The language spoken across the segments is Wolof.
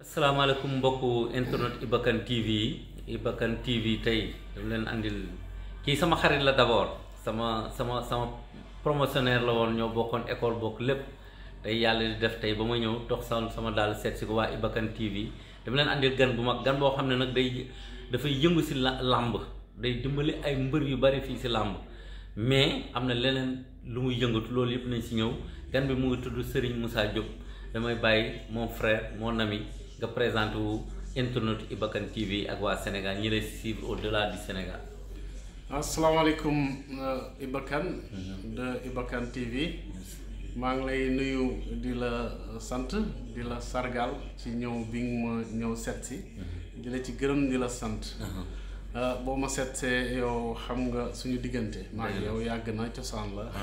assalamu alaikum mbokk internet ibakan tv ibakan tv tay dama len andil ki sama xarit la d'abord sama sama sama promotionnaire la won ñoo bokkon école bokk lepp tay yalla di def tay bama ñew tok sal sama dal set ci wa ibakan tv dama len andil gan bu mag gan bo xamne nak day da fay yëngu ci lamb day dimbali ay mbeur yu bari fi ci lamb mais amna leneen lu muy yëngatu loolu yëpp nañ ci ñëw gan bi mu ngi tuddu serigne moussa diop damay bàyyi mon frère mon ami nga présenté wu internet Iba Kane TV ak waa Sénégal ñi lay suivre au delà du Sénégal. asalaamaaleykum euh, Iba Kane mhm. de Iba TV maa ngi lay nuyu di la euh, sant di la sargal ci ñëw bi nga ma ñëw seet si. Mhm. di la ci gërëm di la sant. Mhm. Euh, boo ma seetsee yow xam nga suñu diggante. maa ngi yow yàgg na cosaan la.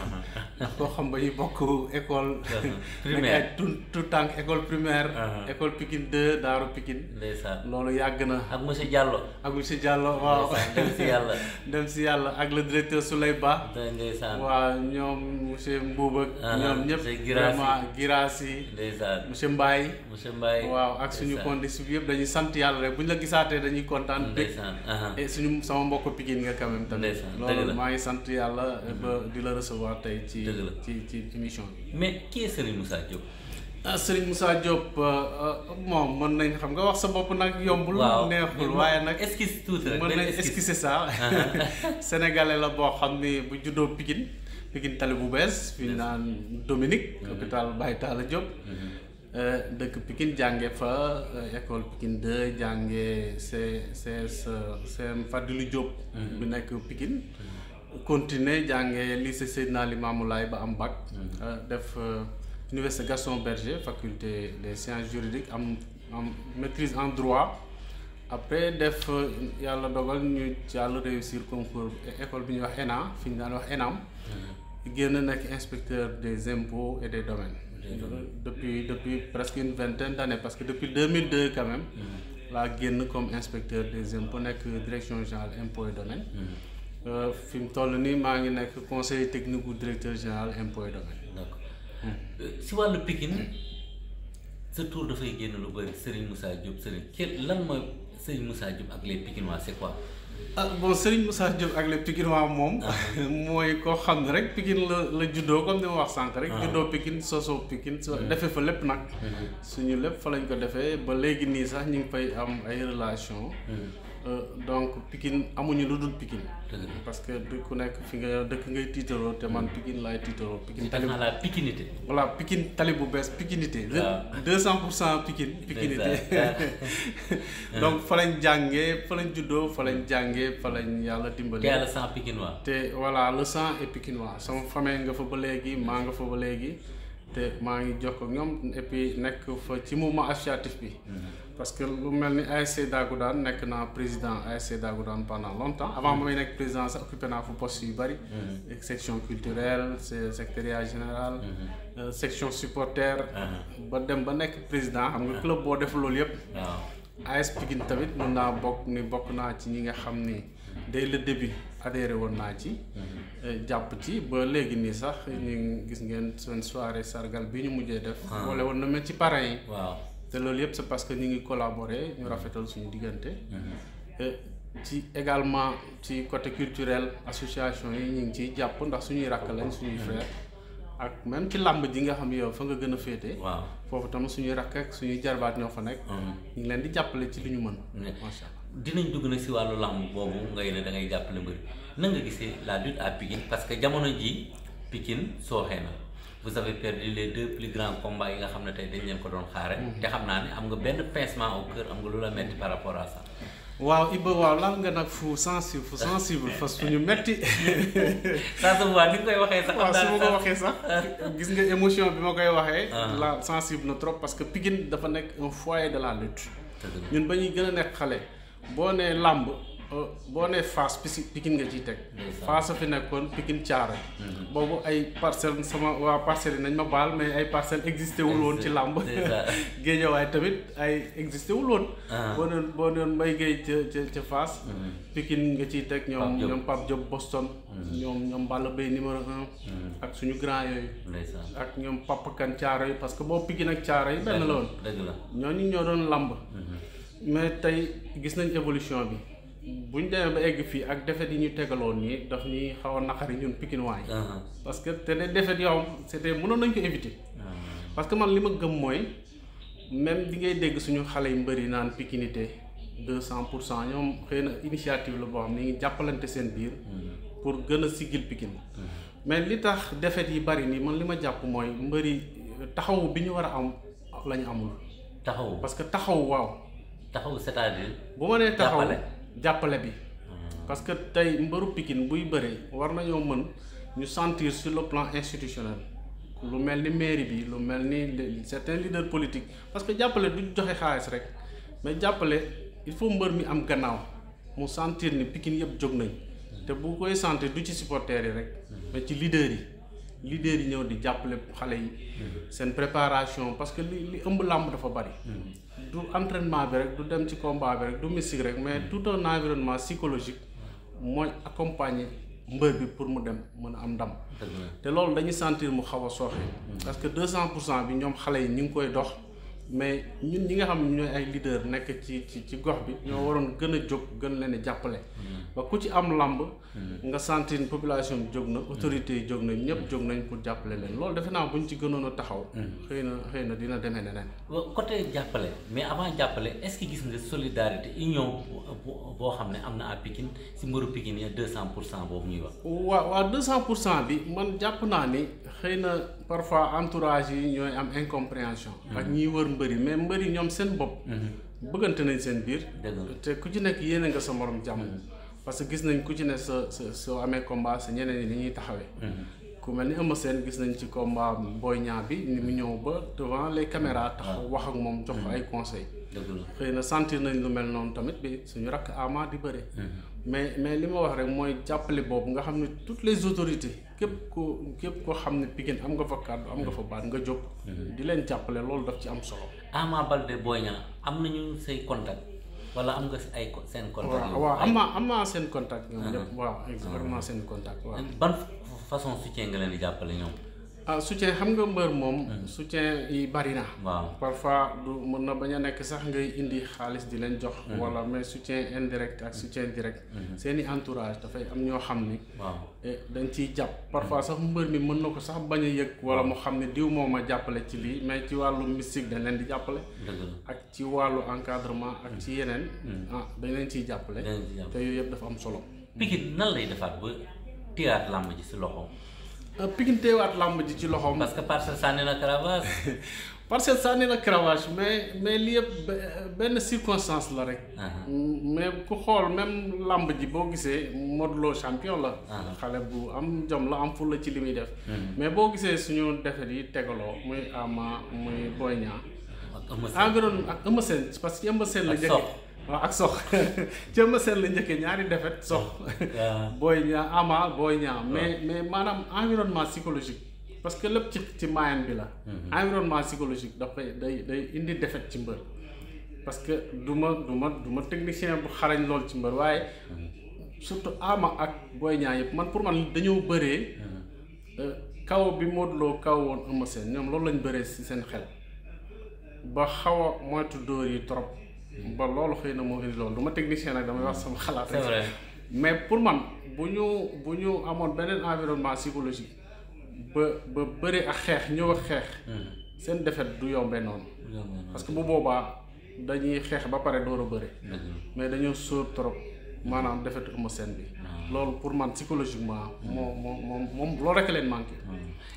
Uh-huh. ndax koo xam ba ñu bokk école. Uh-huh. primaire tout tout tànk école primaire. Uh-huh. école Pikine 2 Daaru Pikine. ndeysaan loolu yàgg na. ak monsieur Diallo. ak monsieur Diallo waaw. dem si yàlla. dem si yàlla ak la directeur Souley Ba. ndeysaan waaw ñoom monsieur Mbuuba. ñoom ñëpp vraiment Girassi. ndeysaan monsieur Mbaye. monsieur Mbaye waaw ak suñu condition bi yëpp dañuy sant yàlla rek bu ñu la gisaatee dañuy kontaan. ndeysaan et eh, suñu sama mbokk pikine nga quand même tam ah. lolu lah. ma ngi yalla ya eh, mm-hmm. ba di la recevoir tay ci ci ci mission mais qui est serigne moussa diop ah serigne moussa diop mom man nañ xam nga wax sa bop nak yombul neexul waye nak est-ce que tout rek man nañ est-ce que c'est ça sénégalais la bo xamni bu juddo pikine pikine talibou bes fi nan dominique hôpital mm-hmm. baye tala diop mm-hmm. Eh, Donc, Pikine jànge fa eh, école Pikine 2 jànge CS un Fadilou Diop mhm. bi nekk Pikine continuer jànge lycée Seydina Limamou Laye ba am bac mhm. eh, def université Gaston Berger faculté des sciences juridiques am maîtrise en droit après def yàlla dogal ñu jàll réussir concours école bi ñuy wax ENA fi ñu daan mhm. inspecteur des impôts et des domaines Hmm. depuis depuis presque une vingtaine d'années parce que depuis 2002 quand même. Hmm. la génn comme inspecteur des impôts la direction générale impôts et domaines. Hmm. Euh, fi mu toll nii conseiller technique ou directeur général impôts et domaines. d'accord euh, si le Pikine ce tour de feuille, lu bëri Serigne Moussa Diop Serigne quelle lan mooy Serigne Moussa Diop ak les Pikinois c'est quoi. boo ah, bon Serigne Moussa Diop ak les Pikinois moom. mooy koo xam ne rek Pikine la la juddoo comme ni ma wax sànq rek. Ah. juddoo Pikine sosoo Pikine. Mm-hmm. defee fa lépp nag. Mm-hmm. suñu lépp fa lañ ko defee ba léegi nii sax ñu ngi fay am ay relation mm-hmm. Euh, donc pikine amuñu lu dul pikine parce que du ku nekk fi nga dëkk ngay titaloo te man pikine laay titaloo pikine tali la pikinité voilà pikine tali bu bees pikinité deux cent pour cent pikine pikinité donc fa lañ jàngee fa lañ juddoo fa lañ jàngee fa lañ yàlla dimbali te le sang pikinois te voilà le sang et pikinois sama famille nga fa ba léegi maa nga fa ba léegi te maa ngi jokk ak ñoom et puis nekk fa ci mouvement associatif bi mm-hmm. parce que lu mel ASC Dagoudane président pendant longtemps avant may mm-hmm. président sax mm-hmm. section culturelle secrétariat général. Mm-hmm. Euh, section supporter. ba dem président xam club def AS Pikine tamit ni ci dès le début adhéré woon euh, ci. ba sax gis soirée sargal bi ñu te loolu yëpp c'est parce que ñu ngi collaborer ñu rafetal suñu diggante. Mhm. Euh, ci également ci côté culturel association yi ñu ngi ciy jàpp ndax suñuy rakk lañ suñuy mhm. frère ak même ci làmb ji nga xam yow fa nga gën a féete. waaw foofu tam suñuy rakk ak suñuy jarbaat ñoo fa nekk. Mhm. ñu ngi leen di jàppale ci li ñu mën. macha allah dinañ dugg nag si wàllu làmb boobu ngay ne da ngay jàppale mbër na nga gisee la lutte à Pikine parce que jamono ji Pikine sooxee na. vous avez perdu les deux plus grands combats yi nga xam ne tey dañ leen ko doon mhm. waaw Iba nga nag fu sensible fu sensible fas fu metti saa su ma ni koy waxee sax. waaw su ma ko waxee sax gis nga émotion bi ma koy waxee. Ah. la sensible na trop parce que Pikine dafa nekk un foyer de la lutte. ñun ba ñuy gën a nekk xale boo nee làmb. Euh, boo nee Fass Pikine nga ciy teg. Fass fi nekkoon Pikine caare. Mhm. boobu ay parcelle sama waa parcelles yi nañ ma baal mais ay parcelles existé wul woon ci làmb. waaye tamit ay existé wul woon. Ah. boo doon boo doon mbay géej ca ca ca Fass. Mhm. nga ciy teg ñoom ñoom Pape Diop mhm. ñoom ñoom numéro ak suñu grand yooyu. ak ñoom Papa Kan yi parce que boo Pikine ak caare yi benn la woon. dëgg ñooñu ñoo doon làmb. mais tey gis nañ évolution bi. bu ñu demee ba egg fii ak defet yi ñu tegaloon nii daf ñuy xaw a naqari ñun pikinois yi ah. parce que te des defet yoo xam c'était mënoon nañ ko éviter. Ah. parce que man li ma gëm mooy même di ngay dégg suñu xale yu mbëri naan pikinité deux cent pour cent ñoom xëy na initiative la boo xam ni ngi jàppalante seen biir. Mm. pour gën a sigil pikin. Mm. mais li tax defet yi bari nii man li ma jàpp mooy mbëri taxawu bi ñu war a am la amul. taxawu parce que taxawu waaw. bu ma nee taxawu jàppale bi parce que tey mbëru Pikine buy bëree war nañoo mën ñu sentir sur le plan institutionnel lu mel ni mairie bi lu mel ni certains leaders politiques parce que jàppale du joxe xaalis rek mais jàppale il faut mbër mi am gannaaw mu sentir ni Pikine yëpp jóg nañ te bu koy sentir du ci supporters yi rek mais ci leaders yi leaders yi ñëw di jàppale xale yi mm-hmm. seen préparation parce que li li ëmb làmb dafa bari mm-hmm. du entraînement bi rek du dem ci combat bi rek du mystique rek mais tout un environnement psychologique mooy accompagner mbër bi pour mu dem mën a am ndam. te loolu dañuy sentir mu xaw a sooxe. Mm. parce que 200 pour cent bi ñoom xale yi ñu ngi koy dox. mais ñun ñi nga xam ñooy ay leader nekk ci ci ci gox bi ñoo waroon gën a jóg gën leen a jàppale. Mm-hmm. ba ku ci am làmb mm-hmm. nga sentir population bi jóg na autorité yi jóg na ñëpp jóg nañ pour jàppale leen lool defe naa bu ñu ci gënoon taxaw. Mm-hmm. xëy na xëy na dina demee neneen. côté jàppale mais avant jàppale est-ce que gis nga solidarité union boo xam ne am na à Pikine si mbaru Pikine ya 200 pour cent boobu ñuy wax. waaw waaw 200 pour cent bi man jàpp naa ni xëy na. parfois entourage yi ñooy am incompréhension ak ñi wër mbëri mais mbëri ñoom seen bopp mhm. bëggante nañ seen biir te ku ci nekk yéene nga sa morom jàmm parce que gis nañ ku ci ne sa sa soo amee combat sa ñeneen ñi ñuy taxawee mhm. ku mel ni Eumeu gis nañ ci combat Boy Niang bi ni mu ñëw ba devant les caméras tax ah. wax ak moom jox mhm. ay conseils xëy na sentir nañ lu mel noonu tamit bi suñu rakk Ama di bëre mais mais li ma wax rek mooy jàppale boobu nga xam ne toutes les autorités képp ko képp koo xam ne Pikine am nga fa kàddu am nga fa baat nga jóg. Mm-hmm. di leen jàppale loolu daf ci am solo. Ama Baldé Boy Niang am ñu say contact wala am nga ay seen contact. waaw am naa am naa seen contact ñoom ñëpp. Uh-huh. waaw uh-huh. seen contact waaw. ban façon soutien nga leen di jàppale ñoom. suñu xam nga mbeur mom suñu yi bari na parfois du mëna baña nek sax ngay indi xaaliss di len jox wala mais soutien indirect ak soutien direct seeni entourage da fay am ño xamni dañ ci japp parfois sax mbeur mi mëna ko sax baña yek wala mu xamni diw moma jappalé ci li mais ci walu mystique dañ len di jappalé ak ci walu encadrement ak ci yenen ah dañ len ci jappalé te yoyep dafa am solo pikine nan lay defat ba tiat lamb ji ci loxom Euh, piquanteewaat làmb ji ci loxoom. parce que parcelle sànni na cravache. parcelle sànni na cravache mais mais li yëpp benn circonstance la rek. Ah. mais ku xool même làmb ji boo gisee Modou Lo champion la. Ah. xale bu am jom la am la ci li muy def. Mm-hmm. mais boo gisee suñu defet yi tegaloo muy Ama muy Boy Niang. ak Eumeu Sène environ ak Eumeu Sène parce que Eumeu Sène la jëkk waaw ak sox ci Eumeu Sène la njëkkee ñaari défaite sox booy ñaa ama booy ñaa mais mais maanaam environnement psychologique parce que lépp ci ci maayan bi la mm-hmm. environnement psychologique dafay day day indi défaite ci mbër parce que du ma du ma technicien bu xarañ lool ci mbër waaye mm-hmm. surtout ama ak booy ñaa yëpp man pour man dañoo bëree mm-hmm. euh, kaw bi mu Lo kaw woon Eumeu Sène ñoom loolu lañ bëree si seen xel ba xawa a moytu dóor yi trop ba loolu xëy na moo indi loolu du ma technicien nag damay wax sama xalaat rek mais pour man bu ñu bu ñu amoon beneen environnement psychologique ba ba bëri ak xeex ñëw ak xeex. seen defet du yombee noonu. parce que bu boobaa dañuy xeex ba pare door a bëre. mais dañoo sóor trop maanaam defet ëmb seen bi. Ah. loolu pour man psychologiquement moo moo moom moom loolu rek leen manqué. Ah.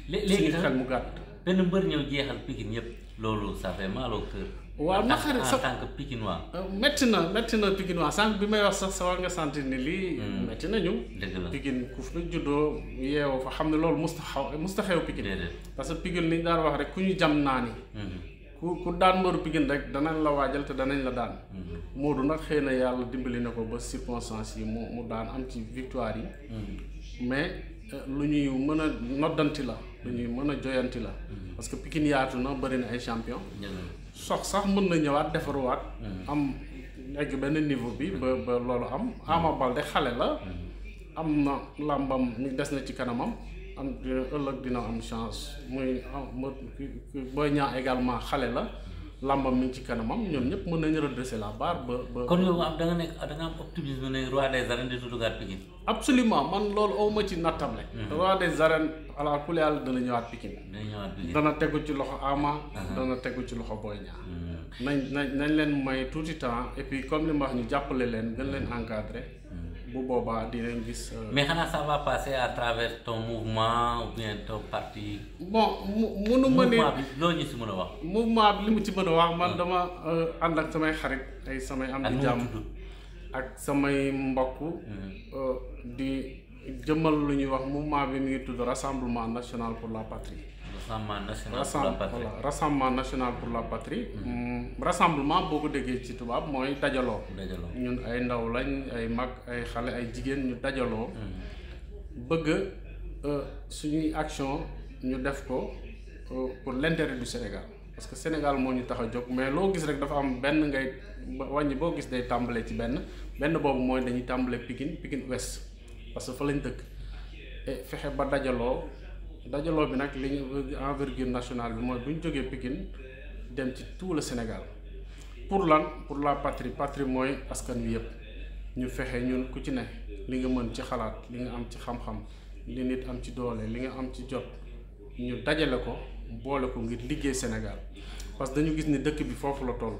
léegi léegi tax mu gàtt. benn mbër ñëw jeexal pikin yëpp loolu ça fait mal au cœur. waaw naqari sax en tant que pikinois. Euh, métti na métti na pikinois sànq bi may wax sax sa war nga sentir ni lii. métti hmm. nañu. dëgg la pikin ku fi juddoo yeewoo fa xam ne loolu musta xaw musta xew pikin. parce que pikin li ñu daan wax rek ku ñu jam naa ni hmm. ku ku daan mbëru pikin rek danañ la waajal te danañ la daan. Hmm. Modou nag xëy na yàlla dimbali na ko ba circonstances yi mu mu daan am ci victoire yi. mais euh, lu ñuy mën a noddanti la. lu ñuy mën a joyanti la. parce que pikin yaatu na bëri na ay champion sox sax mën na ñëwaat defaruwaat. Mm-hmm. am egg benn niveau bi ba ba loolu am Ama mm-hmm. Baldé xale la. Mm-hmm. am na làmbam mi des na ci kanamam am ëllëg dina am chance muy am ah, Boy Niang également xale la. làmbam mi ci kanamam ñoom ñëpp mën nañu redresser la barre ba ba. kon yow am da nga nekk da nga am optimisme ne roi des arènes di duggaat Pikine. absolument man loolu aw ma ci nattable. Mhm. roi des arènes ala kulli yàlla dana dana ñëwaat Pikine dana tegu ci loxo Ama. Mhm. dana tegu ci loxo Boy Niang. Mhm. nañ nañ nañ leen may tuuti temps et puis comme li ma wax jàppale leen gën leen encadré. bu boobaa dinañ gis. Euh, mais xanaa ça va passer à travers ton mouvement ou bien ton parti. bon mu munu ma ne mouvement ñu si mën a wax. mouvement bi li mu ci mën a wax man ah. dama euh, ànd ak samay xarit ay samay am di jàmm ak samay mbokk. Hmm. Euh, di jëmmal lu ñuy wax mouvement bi mu ngi tudd rassemblement national pour la patrie. rassemblement national pour la patrie rassemblement national pour la patrie. rassemblement boo ko déggee ci tubaab mooy dajaloo. dajaloo ñun ay ndaw lañ ay mag ay xale ay jigéen ñu dajaloo. Mm-hmm. bëgg euh, suñuy action ñu def ko euh, pour lentere du Sénégal parce que Sénégal moo ñu tax a jóg mais loo gis rek dafa am benn ngay wàññi boo gis day tàmbalee ci benn benn boobu mooy dañuy tàmbalee pikin Pikine Ouest parce que fa lañ dëkk fexe ba dajaloo. dajaloo bi nag li envergure nationale bi mooy bu ñu jógee Pikine dem ci tout le Sénégal pour lan pour la patrie patrie mooy askan wi yëpp ñu fexe ñun ku ci ne li nga mën ci xalaat li nga am ci xam-xam li nit am ci doole li nga am ci jot ñu dajale ko boole ko ngir liggéey Sénégal parce que dañu gis ni dëkk bi foofu la toll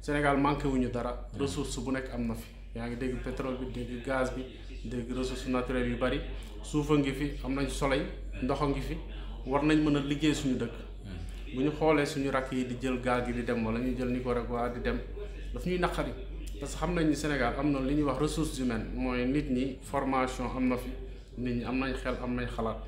Sénégal manqué wuñu dara mm. ressource bu nekk am na fi yaa ngi dégg pétrole bi dégg gaz bi dégg ressources naturelles yu bari suuf a ngi fi am nañ soleil ndox a ngi fi war nañ mën a liggéey suñu dëkk hmm. bu ñu xoolee suñu rakk yi di jël gaal gi di dem wala ñu jël ni ko rek waa di dem daf ñuy naqari parce que xam nañ Sénégal am na li ñuy wax ressources humaines mooy nit ñi formation am na fi nit ñi am nañ xel am nañ xalaat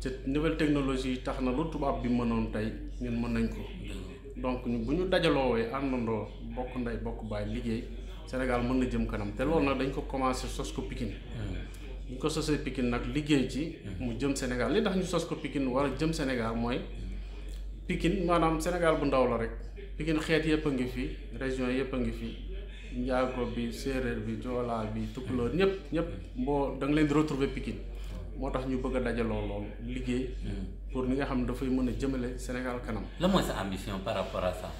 ci nouvelle technologie tax na lu tubaab bi mënoon tey ngeen mën nañ ko hmm. donc bu ñu dajaloowee àndandoo bokk ndey bokk baay liggéey sénégal mën na jëm kanam te loolu nag dañ ko commencé sos ko pikin hmm. ñu ko sosee pikin nag liggéey ci hmm. mu jëm sénégal li tax ñu sos ko pikin war a jëm sénégal mooy pikin maanaam sénégal bu ndaw la rek pikin xeet yépp a ngi fi région yépp a ngi fi njaago bi séeréer bi joola bi tukkloor hmm. ñëpp ñëpp mboo da nga leen di retrouver pikin moo tax ñu bëgg a dajaloo loolu liggéey pour ni nga xam dafay mën a jëmale sénégal kanam la mooy sa ambition par rapport à ça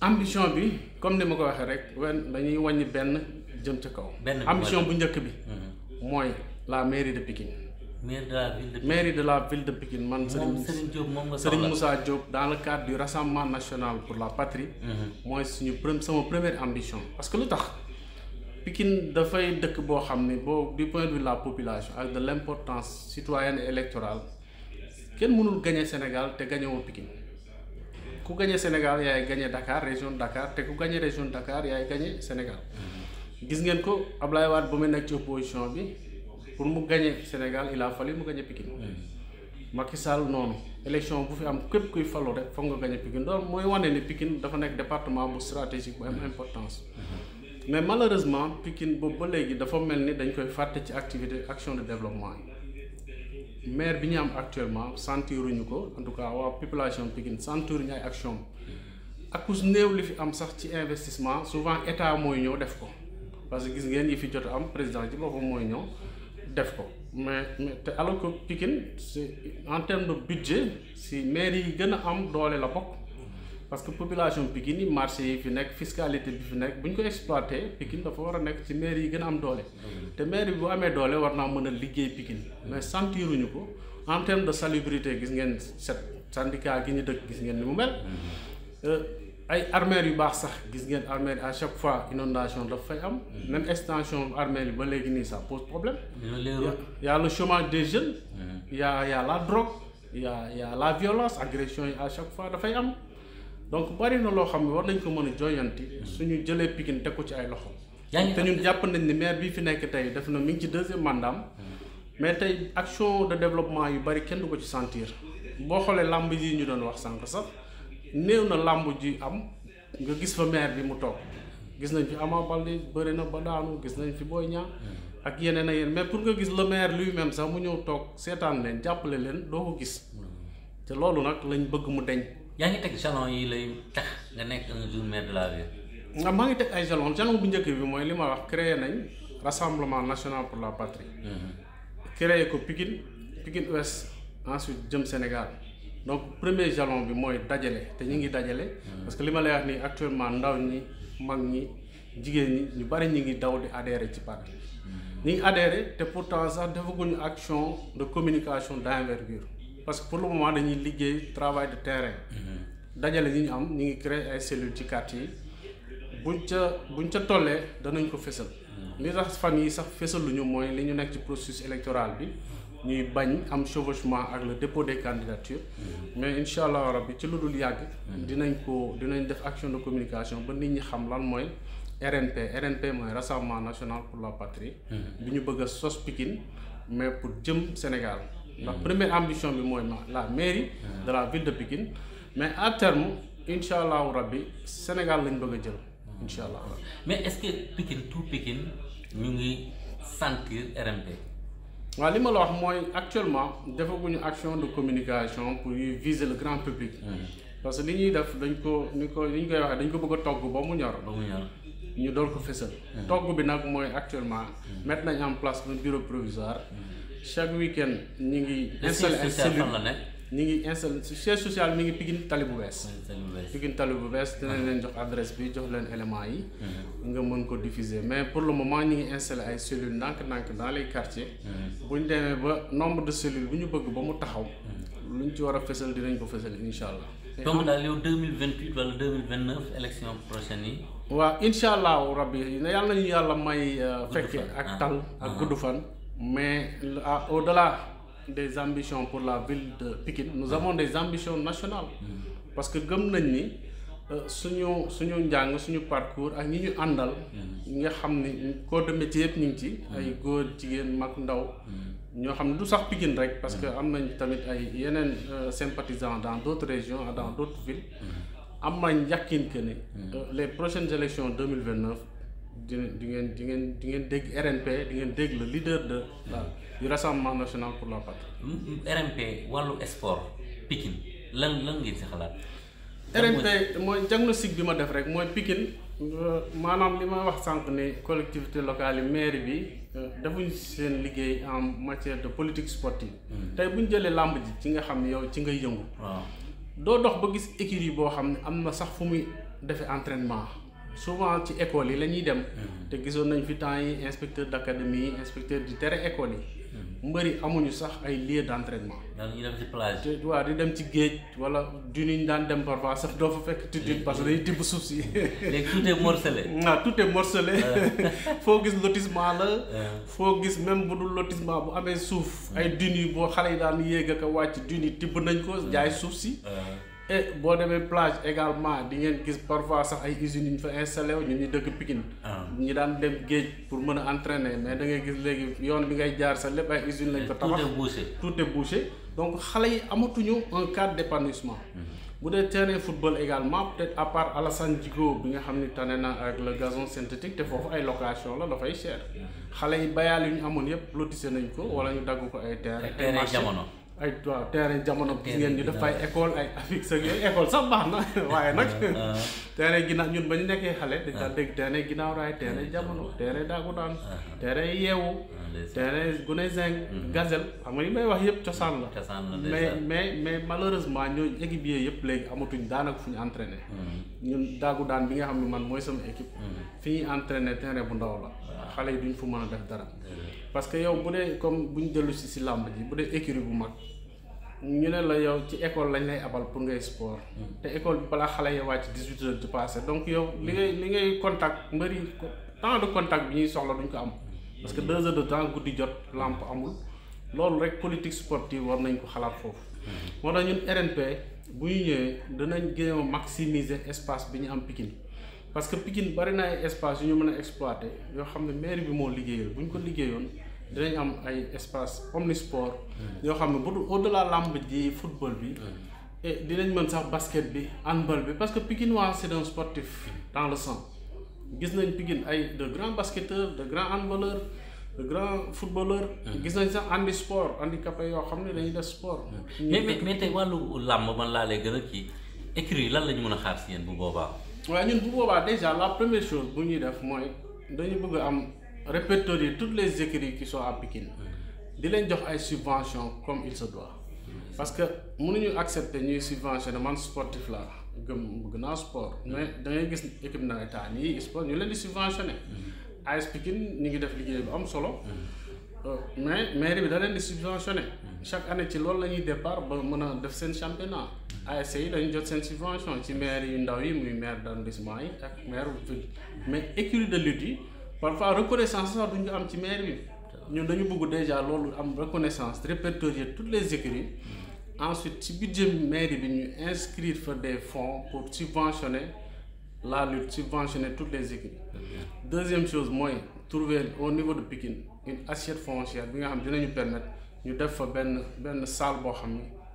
ambition bi comme ni ma ko waxee rek wen dañuy wàññi benn jëm ca kaw. ambition bu njëkk bi. Mhm. mooy la mairie de Pikine. mairie de la ville de Pikine mairie de la ville de Pikine man. Serigne Serigne Diop moom nga Serigne Moussa Diop dans le cadre du rassemblement national pour la patrie. Mhm. mooy suñu pre sama première ambition. parce que lu tax Pikine dafay dëkk boo xam ne boo du point de vue de la population ak de l' importance citoyenne et électorale kenn mënul gagner Sénégal te gagné woo Pikine. ku gagné Sénégal yaay gagné Dakar région Dakar te ku gagné région Dakar yaay gagné Sénégal gis ngeen ko Ablaye Wade ba mu nekk ci opposition bi pour mu gagné Sénégal il a fallu mu gagné Pikine Macky Sall noonu élection bu fi am képp kuy falu rek foog nga gagné Pikine loolu mooy wane ni Pikine dafa nekk département bu stratégique bu am importance mais malheureusement Pikine boobu ba léegi dafa mel ni dañ koy fàtte ci activité action de développement yi maire bi ñu am actuellement sentiruñu ko en tout cas waa population Pikine sentiruñu ay action ak ku néew li fi am sax ci investissement souvent état mooy ñëw def ko parce que gis ngeen yi fi jot am président ci boppam mooy ñëw def ko mais mais te alors que Pikine en terme de budget si maire yi gën a am doole la bokk. parce que population Pikine yi marché yi fi nekk fiscalité bi fi nekk bu ñu ko exploité Pikine dafa war a nekk ci maire yi gën a am doole. te maire bi bu amee doole war naa mën a liggéey Pikine mais sentiruñu ko en terme de salubrité gis ngeen set syndicat gi ñu dëkk gis ngeen ni mu mel. Euh, ay armères yu baax sax gis ngeen armères à chaque fois inondation daf fay am. Mmh. même extension armères yi ba léegi nii ça pose problème. y a le chômage des jeunes. Mmh. y a y la drogue y la violence agression yi à chaque fois dafay am. donc bari na loo xam ne war nañ ko mën a joyanti suñu jëlee Pikine teg ko ci ay loxo. te ñun jàpp nañ ni maire bii fi nekk tey def na mi ngi ci deuxième mandat mais tey action de développement yu bari kenn du ko ci sentir boo xoolee làmb yi ñu doon wax sànq sax néew na làmb ji am nga gis fa maire bi mu toog gis nañ fi Ama bëri na ba daanu gis nañ fi Boy Niang ak yeneen ak mais pour nga gis le maire lui-même sax mu ñëw toog seetaan leen jàppale leen doo ko gis te loolu nag lañ bëgg mu deñ yaa ngi teg jalon yi lay tax nga nekk un jour maire de la ville. nga ah, maa ngi teg ay jalon jalon bu njëkk bi mooy li ma wax créé nañ rassemblement national pour la patrie. Mm-hmm. créé ko Pikine Pikine Ouest ensuite jëm Sénégal donc premier jalon bi mooy dajale te ñu ngi dajale. Mm-hmm. parce que li ma lay wax nii actuellement ndaw ñi mag ñi jigéen ñi ñu bari ñu ngi daw di adhéré ci parti. Mm-hmm. ñu ngi te pourtant sax defaguñu action de communication d'envergure. parce que pour le moment dañuy liggéey travail de terrain. Mhm. dajale yi ñu am ñu ngi créer ay cellules ci quartier yi buñ ca buñ ca tollee danañ ko fésal. Mhm. li tax fan yi sax ñu mooy li ñu nekk ci processus électoral bi ñuy bañ am chevauchement ak le dépôt des candidatures. Mhm. mais incha allah rabbi ci lu dul yàgg. dinañ ko dinañ def action de communication ba nit ñi xam lan mooy. RNP RNP mooy Rassemblement national pour la patrie. bi ñu bëgg a mais pour jëm Sénégal. ndax première ambition bi mooy la mairie de la ville de Pikine mais à terme incha allahu rabbi Sénégal lañ bëgg a jël incha allahu rabbi mais est-ce que Pikine tout Pikine ñu ngi sentir RMP waaw li ma la wax mooy actuellement defaguñu action de communication pour yuy viser le grand public mm. parce que li ñuy def dañ ko ni ko ñu koy waxee dañ ko bëgg a togg ba mu ñor ba mu ñor ñu door ko fësal mm. togg bi nag mooy actuellement mm. mettre nañ en place un bureau provisoire chaque week-end ñu ngi. installé ay cellules ñu ngi installé siège social mi ngi Pikine tali bu bees. Pikine tali bu bees dinañ leen jox adresse bi jox leen éléments yi. Mhm. nga mën ko diffuser mais pour le moment ñu ngi installé ay cellules ndànk-ndànk dans les quartiers. Mhm. bu ñu demee ba nombre de cellules bu ñu bëgg ba mu taxaw. Mhm. lu ñu ci war a fësal dinañ ko fësal incha allah. donc daal yow deux mille vingt huit wala deux mille yi. yàlla nañu yàlla may. Euh, fekke ak ah. tal ak ah. gudd fan. Mais au-delà des ambitions pour la ville de Pékin, nous avons des ambitions nationales. Parce que comme nous euh, suñu suñu njàng suñu parcours nous ñi ñu andal, mm. ñi nga xam corps de métier nous ñu ngi ci mm. ay góor jigéen mag ndaw mm. ñoo xam du sax Pikine rek parce que nous sommes tamit euh, sympathisants dans d'autres régions dans d'autres villes Nous sommes yàqin que euh, les prochaines élections 2029 di ngeen di ngeen di ngeen di ngeen dégg RNP di ngeen dégg le leader de la du rassemblement national pour la patrie. Hmm, RNP wàllu export Pikin lan lan ngeen si xalaat. RNP mooy diagnostic bi ma def rek mooy Pikin eh, maanaam li ma wax sànq ni collectivité locale yi maire eh, bi defuñ seen liggéey en um, matière de politique sportive. tey hmm. buñ jëlee làmb ji ci nga xam ne yow ci ngay yëngu. waaw ah. doo dox ba gis équilibre boo xam ne am na sax fu muy defee entraînement souvent ci école yi la dem. te gisoon nañ fi temps yi inspecteur d' académie inspecteur di tere école yi. mbëri amuñu sax ay lieu d' entraînement. dañ ñu dem ci plage. te waaw di dem ci géej wala duniñ daan dem parfois sax doo fa fekk tudd parce que dañuy tibb eh. suuf si. léegi tout est morcelé. Eh? ah tout est morcelé. Eh. foo gis lotissement la. foo gis même bu dul lotissement bu amee suuf. ay hmm. dunes yi boo xale yi daan yéeg a ko wàcc dunes yi tibb nañ ko. Hmm. jaay suuf si. et eh, boo demee plage également di ngeen gis parfois sax ay usines yu ñu fa installé wu ñu ñu dëkk Pikine ah. ñu daan dem géej pour mën a entraîner mais da ngay gis léegi yoon bi ngay jaar sa lépp ay usines lañ fa tabax tout est bouché donc xale yi amatuñu un cadre d'épanouissement mhm. bu dee terrain football également peut-être à part Alassane Djigo bi nga xam ni tane na ak le gazon synthétique te foofu ay location la dafay cher xale yi bayaal yu ñu amoon yëpp lotissé nañ ko wala ñu dagg ko ay terre ay waaw terrain jamono bi ngeen ñu def ay école ay affixe école sax baax na waaye nag ah, ah. terrain ginnaaw ñun ba ñu nekkee xale dañ daan ah. dégg terrain ginnaaw raay terrain jamono terrain daagu daan terrain yeewu terrain Guney Zinc Gazelle xam nga li may wax yëpp cosaan la mais mais mais malheureusement ñooñu équipe yee yëpp léegi amatuñ daanaka fu ñu entraîné mhm. ñun daagu daan bi nga xam ne man mooy sama équipe mhm. fi ñuy entraîné terrain bu ndaw la xale yi duñ fu mën a def dara parce que yow bu dee comme bu ñu dellu si si làmb ji bu dee écurie bu mag ñu ne la yow ci école lañ lay abal pour ngay sport mhm. te école bi balaa xale ya wàcc dix huit heures di donc yow li ngay li ngay contact mbëri temps de contact bi ñuy soxla duñ ko am parce que deux de temps guddi jot làmp amul loolu rek politique sportive war nañ ko xalaat foofu. moo tax ñun RNP bu ñu ñëwee danañ gën a espace bi ñu am Pikine parce que Pikine bari na ay espace yu ñu mën a exploiter yoo xam ne mairie bi moo liggéeyal bu ñu ko liggéeyoon. dinañ am ay espace sport ñoo xam ne bu au delà lamb ji football bi et dinañ mën sax basket bi handball bi parce que Pikinois c'est un sportif dans le sang gis nañ Pikine ay de grands basketteurs de grands handballeurs de grand footballeur. Mm-hmm. gis nañ sax andi sport handicapé yoo xam ne dañuy def sport. Mm-hmm. Mm-hmm. mais mais mais tey wàllu làmb man laa lay gën a kii écrit lan la ñu mën a xaar si yéen bu boobaa. waaw ñun bu boobaa déjà la première chose bu ñuy def mooy dañuy bëgg a am répertorier toutes les écuries qui sont à Pikine di leen jox ay subventions comme il se doit parce que mënuñu accepter ñuy subventionner man sportif laa gëm bëgg naa sport mm. mais da ngay gis équipe nawetaan yi sport ñu leen di subventionné mm. AS Pikine ñu ngi def liggéey bu am solo mm. euh, mais maire bi da leen di subventionné chaque année ci loolu la ñuy départ ba mën a def seen championnat ASC yi dañu jot seen subvention ci maire yu ndaw yi muy maire d'arrondissement yi ak maire ville mais écurie de lutte yi parfois reconnaissance sax duñu am ci maire bi ñun dañu bëgg déjà loolu am reconnaissance répertorier toutes les écuries ensuite le budget mairie bi ñu inscrire des fonds pour subventionner la lutte subventionner toutes les équipes deuxième chose trouver au niveau de Pékin une assiette foncière qui nous xam de permettre ñu def fa ben salle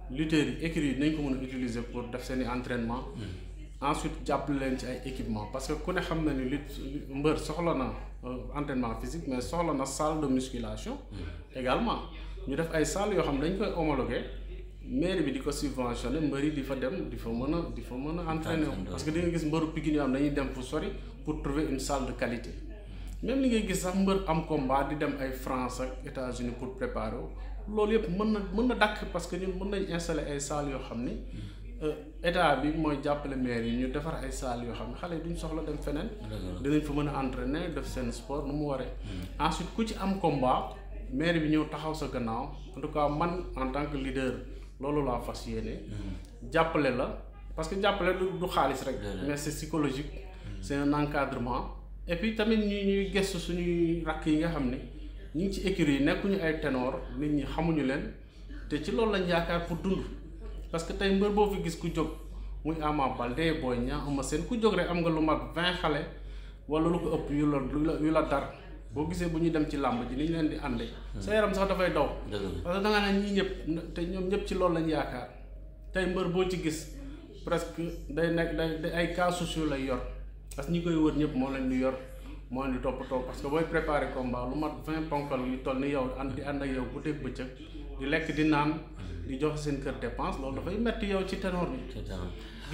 de lutte écrite lutteurs nous écrits utiliser pour faire des entraînements. Hmm. ensuite jàppale leen ci ay équipement parce que nous ne xam na ni lutte na euh, entraînement physique mais soxla na salle de musculation hmm. également nous def une salle yoo xam dañ mère bi di ko subventionné mbëri di fa dem di fa mën a di fa mën a entraîné parce que di nga gis mbëru Pikine am xam dañuy dem fu sori pour trouver une salle de qualité même li ngay gis sax mbër am combat di dem ay France ak États-Unis pour préparer wu loolu yëpp mën na mën na dakk parce que ñun mën nañ installer ay salle yoo xam ni euh, état bi mooy jàppale maire yi ñu defar ay salle yoo xam ne xale duñ soxla dem feneen dinañ fa mën a entraîner def seen sport nu mu waree hmm. ensuite ku ci am combat maire bi ñëw taxaw sa gannaaw en tout cas man en tant que leader loolu laa fas yéene. Mm-hmm. jàppale la parce que jàppale lu xaalis rek. mais c'est psychologique. Mm-hmm. c'est un encadrement. et puis tamit ñuy ñuy gëstu suñuy rakk yi nga xam ne ñu ngi ci écurie yi nekkuñu ay ténor nit ñi xamuñu leen te ci loolu lañ yaakaar pour dund parce que tey mbër boo fi gis ku jóg muy Ama Baldé Boy Niang ma seen ku jóg rek am nga lu mat vingt xale wala lu ko ëpp yu la yu la yu la dar. boo gisee bu ñu dem ci lamb ji ni ñu leen di àndee sa yaram sax dafay daw parce que da nga ne ñii ñëpp te ñoom ñëpp ci loolu lañ yaakaar tey mbër boo ci gis presque day nekk day day ay cas sociaux lay yor parce que ñi koy wër ñëpp moo leen di yor moo leen di toppatoo parce que booy préparé combat lu mat vingt ponkal yu toll ni yow di ànd ak yow guddeeg bëccëg di lekk di naan di jox seen kër dépense loolu dafay metti yow ci tenor bi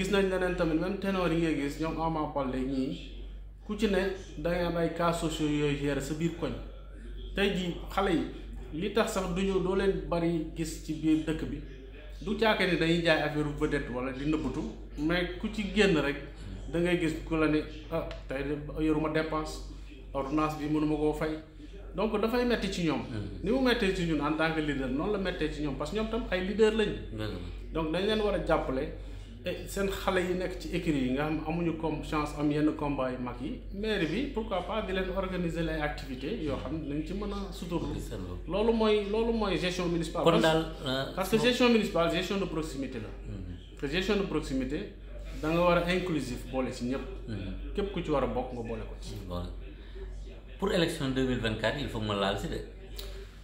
gis nañ leneen tamit même tenor yi nga gis ñoom amant pal de ñii ku ci ne dangay am ay cas sociaux yooyu gérer sa biir koñ tey jii xale yi li tax sax du ñu doo leen bari gis ci biir dëkk bi du caake ni dañuy jaay affaire vedette wala di nëbbatu mais ku ci génn rek da ngay gis ku la ne ah tey de yoruma dépense ordonnance bi mënuma koo fay donc dafay metti ci ñoom. ni mu mettee ci ñun en tant que leader noonu la mettee ci ñoom parce que ñoom tam ay leader lañ. donc dañ leen war a jàppale. Eh, seen xale yi nekk ci écrit yi nga xam amuñu comme chance am yenn combat yu mag yi maire bi pourquoi pas di leen organiser lay activité yoo xam ne nañ ci mën a suturlu loolu mooy loolu mooy gestion municipale kon daal parce que euh, gestion municipale gestion de proximité la mhm. te gestion de proximité da nga war a inclusif boole si ñëpp mhm. képp ku ci war a bokk nga boole ko ci pour élection 2024 il faut ma laal si de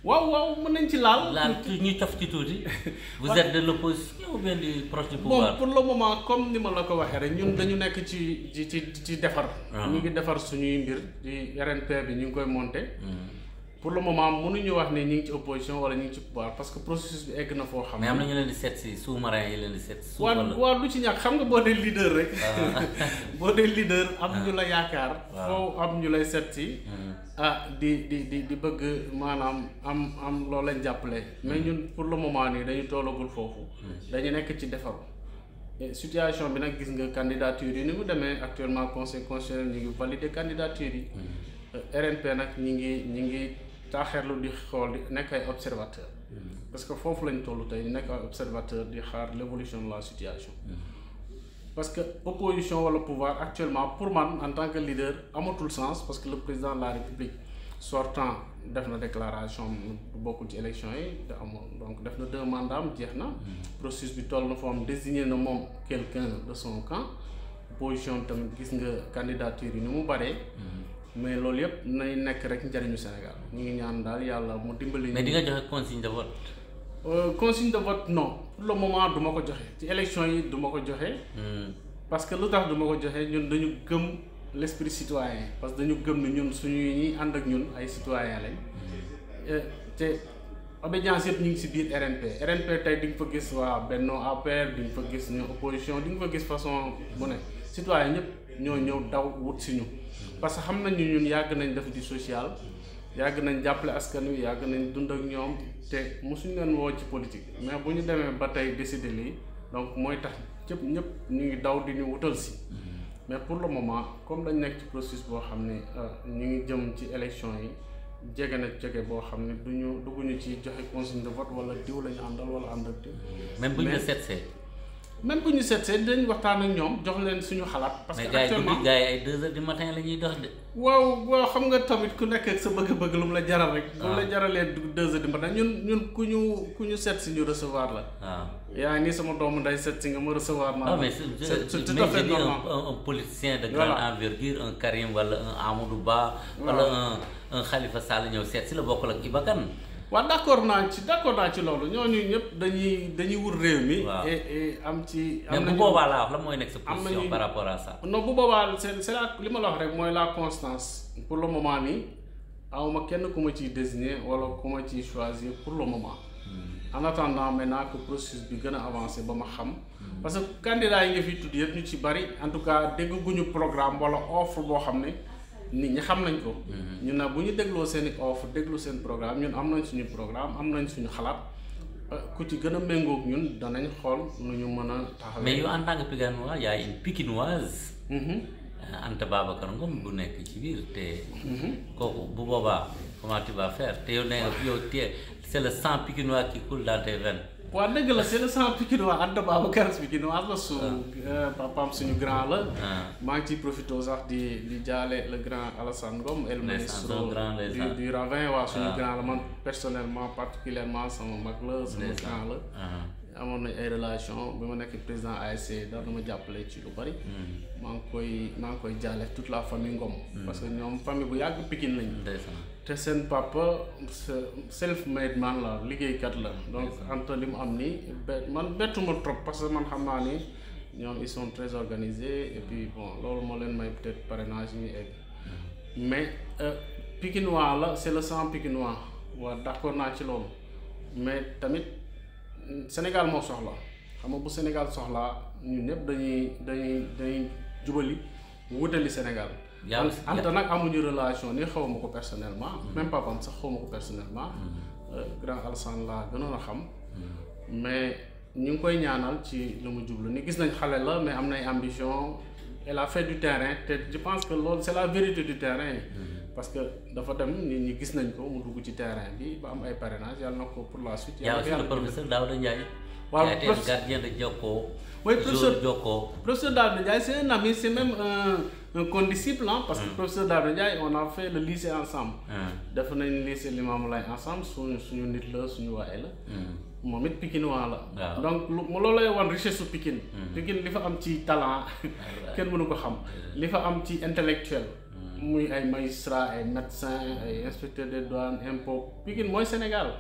waaw waaw mën nañ ci laal. laal ci ñu cof ci tuuti. vous êtes de l'opposition ou bien du proche du pouvoir. bon pour le moment comme ni ma la ko waxee rek ñun dañu nekk ci ci ci defar. Ah. ñu ngi defar suñuy mbir di RNP bi ñu ngi koy monter. Hmm. pour le moment mënuñu wax ne ñu ngi ci opposition wala ñu ngi ci pouvoir parce que processus bi am na ñu leen di seet si leen di seet. suuf waaw waaw lu ci ñàkk xam nga boo rek. Ah. boo dee leader am ñu ah. yaakaar. foo am ñu lay seet si. Hmm. ah di di di di bëgg maanaam am am loo leen jàppale. mais hmm. ñun pour le moment nii dañu tollagul foofu. Hmm. dañu nekk ci defar. situation bi nag gis nga candidature yi ni mu demee actuellement conseil constitutionnel ñu ngi yi. Euh, RNP nag ñi ngi ñi ngi. taaxeerlu di xool nekk ay observateur mm-hmm. parce que foofu lañ toll tey nekk observateur di xaar l'évolution de la situation mm-hmm. parce que opposition wala pouvoir actuellement pour man en tant que leader amatul sens parce que le président de la république sortant def na déclaration bu bokkul ci élection yi te donc def na deux mandats mm-hmm. processus bi toll na désigner quelqu'un de son camp opposition tamit gis nga candidature yi ni mu mais loolu yëpp nay nekk rek njëriñu Sénégal ñu ngi ñaan daal yàlla mu dimbali. mais di nga joxe consigne de vote. Euh, consigne de vote non pour le moment du ma ko joxe ci élection yi du ma ko joxe. Hmm. parce que lu tax du ma ko joxe ñun dañu gëm l' esprit citoyen parce que dañu gëm ne ñun suñuy ñi ànd ak ñun ay citoyen lañ hmm. euh, te obédience yëpp ñu ngi si biir RNP RNP tey di nga fa gis waa Benno APR di mu fa gis ñu opposition di nga fa gis façon bu ne citoyen ñëpp. ñoo ñëw daw wut si ñu parce que xam nañ ñu ñun yàgg nañ def di social yàgg nañ jàppale askan wi yàgg nañ dund ak ñoom te mosuñ leen woo ci politique mais bu ñu demee ba tey décider lii donc mooy tax ñëpp ñëpp ñu ngi daw di ñu wutal si mais pour le moment comme dañ nekk ci processus boo xam ne euh, ñu ngi jëm ci élection yi jege na jege boo xam ne du ñu dugg ñu ci joxe consigne de vote wala diw la ñu àndal wala ànd ak diw. même bu ñu la seetsee même bu ñu seet seet dinañ waxtaan ak ñoom jox leen suñu xalaat. parce que actuellement mais gars yi ay heures du matin la ñuy dox de. waaw waaw xam nga tamit ku nekk ak sa bëgg-bëgg lu mu la jaral rek. Ah. lu mu la jaralee 2 heures du matin ñun ñun ku ñu ku ñu seet si ñu recevoir la. waaw ah. yaa ngi nii sama doomu nday seet si nga ma recevoir. ma mais c'est tout à fait normal un politicien de grande envergure un Karim wala un Amadou Ba. wala un un Khalifa Sall ñëw seet si la bokkul ak Iba Kane. waaw d' accord naa ci d' naa ci loolu ñooñu ñëpp dañuy dañuy wut réew mi. et am ci. am nañu mais bu boobaa laa wax lan mooy nekk sa rapport à ça. non bu boobaa c' est c' est rek mooy la constance pour le moment nii awma kenn ku ma ciy désigner wala ku ma ciy choisir pour le moment. Hmm. en attendant maintenant que processus bi gën a avancé ba ma xam. Hmm. parce que candidats yi nga fi tudd yëpp ñu ci bari en tout cas dégguñu programme wala offre boo xam ne. nit ñi xam nañ ko. Mm-hmm. ñun nag bu ñu dégloo seen i offre déglu seen programme ñun am nañ suñu programme am nañ suñu xalaat euh, ku ci gën a méngoog ñun danañ xool nu ñu mën a taxawee. mais yow en tant que Pikinois y a une Pikinoise. Mm-hmm. Euh, Anta Babacar Ngom bu nekk ci biir te. Mm-hmm. kooku bu boobaa comment tu vas faire te yow nee nga yow te c'est le sang Pikinois qui coule dans tes veines. waaw dëgg la c'est le sang pikinois Anta Babacar pikinois la su euh, papaam suñu grand la ah. maa ngi ciy profité sax di di jaale le grand Alassane Ngom el maestro du du ravin waaw ah. suñu grand la man personnellement particulièrement sama mag la sama grand la ah. amoon nañ ay relation bi ma nekk président ASC daal dama jàppale ci lu bari hmm. maa ngi koy maa ngi koy jaale tout la famille Ngom hmm. parce que ñoom famille bu yàgg Pikine lañ te seen papa self made man la liggéeykat la donc Anta li mu am nii be man bettuma trop parce que man xam naa ni ñoom ils sont très organisés et puis bon loolu moo leen may peut-être parrainage ñuy egg mais euh, pikinois la c'est le sang pikinois waa d'accord naa ci loolu mais tamit Sénégal moo soxla xam nga bu Sénégal soxlaa ñu ñëpp dañuy dañuy dañuy jubali wutali Sénégal yàlla Anta nag amuñu relation ni xaw ma ko personnellement. Mm-hmm. même papam sax xaw ma ko personnellement. Mm-hmm. Euh, grand Alassane laa gënoon a xam. Mm-hmm. mais ñu ngi koy ñaanal ci lu mu jublu ni gis nañ xale la mais am nay ambition elle a fait du terrain te je pense que lool c'est la vérité du terrain. parce que dafa dem nit ñi gis nañ ko mu dugg ci terrain bi ba am ay parrainage yàlla na ko pour la suite. yàlla na ko yàlla na ko yàlla na ko yàlla na ko yàlla na ko ko oui, professeur, Joko. Professeur c'est un ami, c'est même un, un condisciple, hein, parce que le hein. professeur Dardiaï, on a fait le lycée ensemble. Mm. On a fait le lycée ensemble, sur une nid là, sur une elle. moom it de Pekinois. donc loolu lay une richesse de Pikin. Hein. Pekin, li fa am ci talent ne mënu ko xam hein. li fa am ci intellectuel muy ay magistrat ay médecin un inspecteur des douanes Pekin, Pikine au Sénégal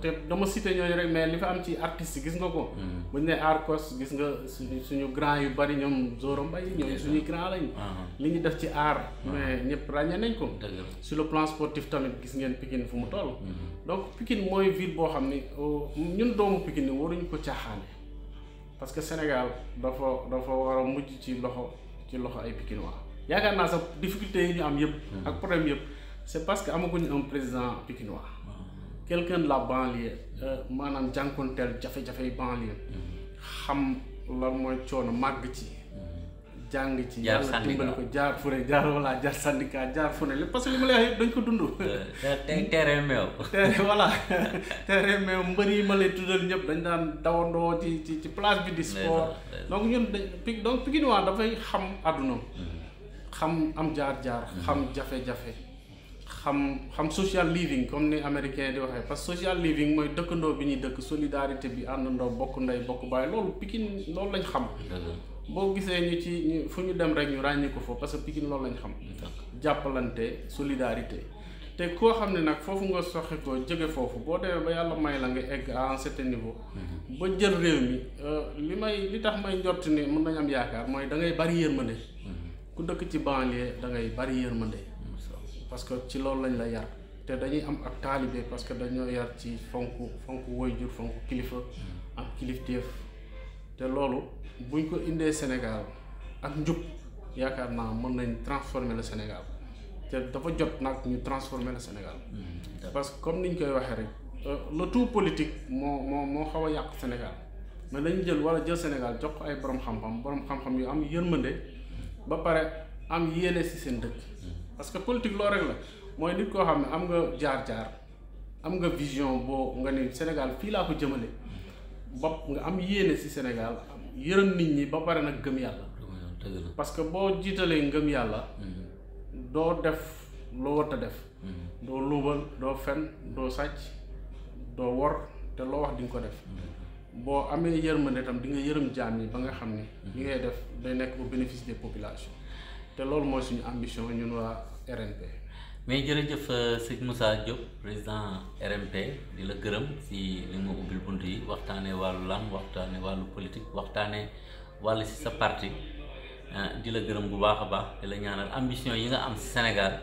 te dama cité ñooñu rek mais li fa am ci artiste gis nga ko hmm. bu ne arcos gis nga suñu suñu grand yu bari ñoom zoro mbay ñoom suñu grand lañ ah, ah. li ñu def ci art ah. mais ñëpp ràññe nañ ko sur le plan sportif tamit gis ngeen pikin fu mu toll hmm. donc pikin mooy ville boo xam ni oh, ñun doomu pikin ni waruñu ko caaxaane parce que sénégal dafa dafa war a mujj ci loxo ci loxo ay pikin waa yaakaar naa sax difficulté yi ñu am yëpp hmm. ak problème yëpp c' est parce que amaguñu un président pikinois quelqu'un de la banlieue euh, maanaam jànkonteel jafe-jafe banlieue xam lan mooy coono màgg ci mm-hmm. jàng ci yàlla dimbali ko jaar fu ne jaar walla jaar syndicat jaar fu ne parce que li ma lay dañ ko dund teere meew teere voilà teere meew mbër ma lay tuddal ñëpp dañ daan dawandoo ci ci ci place bi di sport donc ñun dañ pi donc Pikinois dafay xam àdduna mm-hmm. xam am jaar-jaar mm-hmm. xam jafe-jafe xam xam social living comme ni américain di waxee parce que social living mooy dëkkandoo bi ñuy dëkk solidarité bi àndandoo bokk ndey bokk baay loolu Pikine loolu lañu xam. boo gisee ñu ci fu ñu dem rek ñu fa parce que Pikine lañ xam. jàppalante solidarité. te koo xam ne nag foofu nga soxe ko jóge foofu boo demee ba yàlla may la nga egg à un certain niveau. Mhm. ba jël réew mi euh, li may li tax may njort ni mën nañ am yaakaar mooy da ngay bari yërmande. Mhm. ku dëkk ci banlieue da ngay bari de parce que ci loolu lañu la yar te dañuy am ak taalibe parce que dañoo yar ci fonk fonk woyjur fonk kilifa am kilifteef te loolu buñ ko indee Sénégal ak njub yaakaar naa mën nañ transformer la Sénégal te dafa jot nag ñu transformer la Sénégal mm-hmm. parce que comme niñ koy waxee rek euh, le tout politique moo moo moo xaw a yàq Sénégal mais lañu jël wala jël Sénégal jox ko ay borom xam-xam borom xam-xam yu am yërmande ba pare am yéene si seen dëkk parce que politique loo rek la mooy nit koo xam ne am nga jaar-jaar am nga vision boo nga ne Sénégal fii laa ko jëmale bopp nga am yéene si Sénégal yërëm nit ñi ba pare nag gëm yàlla parce que boo jiitalee ngëm yàlla doo def loo war a def doo luubal doo fen doo sàcc doo wor te loo wax di ko def boo amee yërmande tam di nga yërëm jaam yi ba nga xam ne li ngay def day nekk au bénéfice des populations te loolu mooy suñu ambition ñun waa RNP. mais jërëjëf euh, sëñ Moussa Diop président RNP di la gërëm si li nga ubbil bunt yi waxtaanee wàllu làmb waxtaanee wàllu politique waxtaanee wàllu si sa parti euh, di la gërëm bu baax a baax di la ñaanal ambition yi nga am si Sénégal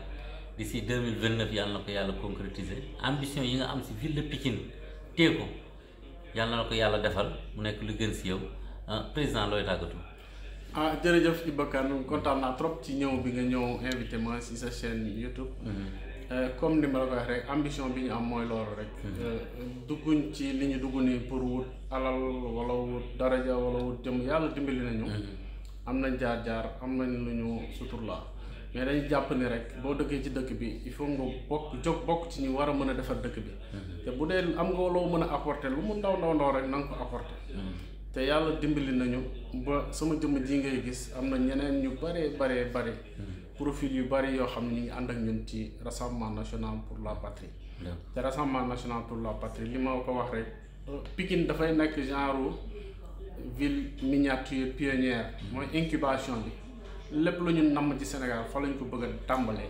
d'ici deux mille vingt neuf yàlla na ko yàlla concrétiser ambition yi nga am si ville de Pikine téye yàlla na ko yàlla defal mu nekk lu gën si yow euh, président looy tàggatu. ah jërëjëf Ibakaan kontaan naa trop ci ñëw bi nga ñëw invité ma si sa chaîne YouTube. Mhm. Euh, comme ni ma la rek ambition bi am mooy loolu rek. Mhm. Euh, dugguñ ci li ñu dugg nii pour wut alal wala wut daraja wala wut jëm yàlla dimbali nañu. Mhm. am nañ jaar jaar am nañ lu ñu suturlaa mais dañu jàpp ni rek boo dëggee ci dëkk bi il faut nga bokk jóg bokk ci ñu war a mën a defar dëkk bi. te bu dee am nga loo mën a apporter lu mu ndaw ndaw ndaw rek na nga ko apporter. te yàlla dimbali nañu ba sama jëmm ji ngay gis am na ñeneen ñu bare bare bare profil yu bari yoo xam ne ñu ngi ànd ak ñun ci rassemblement national pour la patrie. te rassemblement national pour la patrie li ma ko wax rek Pikine dafay nekk genre ville miniature pionnière. mooy incubation bi lépp lu ñu namm ci Sénégal fa lañ ko bëgg a tàmbalee.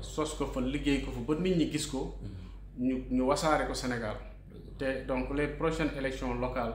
sos ko fa liggéey ko fa ba nit ñi gis ko. Mm-hmm. ñu ñu wasaare ko Sénégal te donc les prochaines élections locales.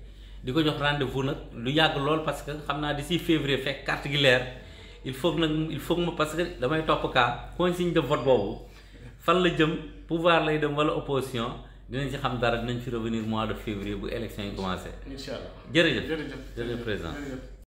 di ko jox rendez-vous nag lu yàgg lool parce que xam naa d'ici février fekk carte gi leer il faut nag il faut ma parce que damay topp cas consigne de vote boobu fan la jëm pouvoir lay dem wala opposition dinañ ci xam dara dinañ fi revenir mois de février bu élection yi commencé. incha allah jërëjëf jërëjëf président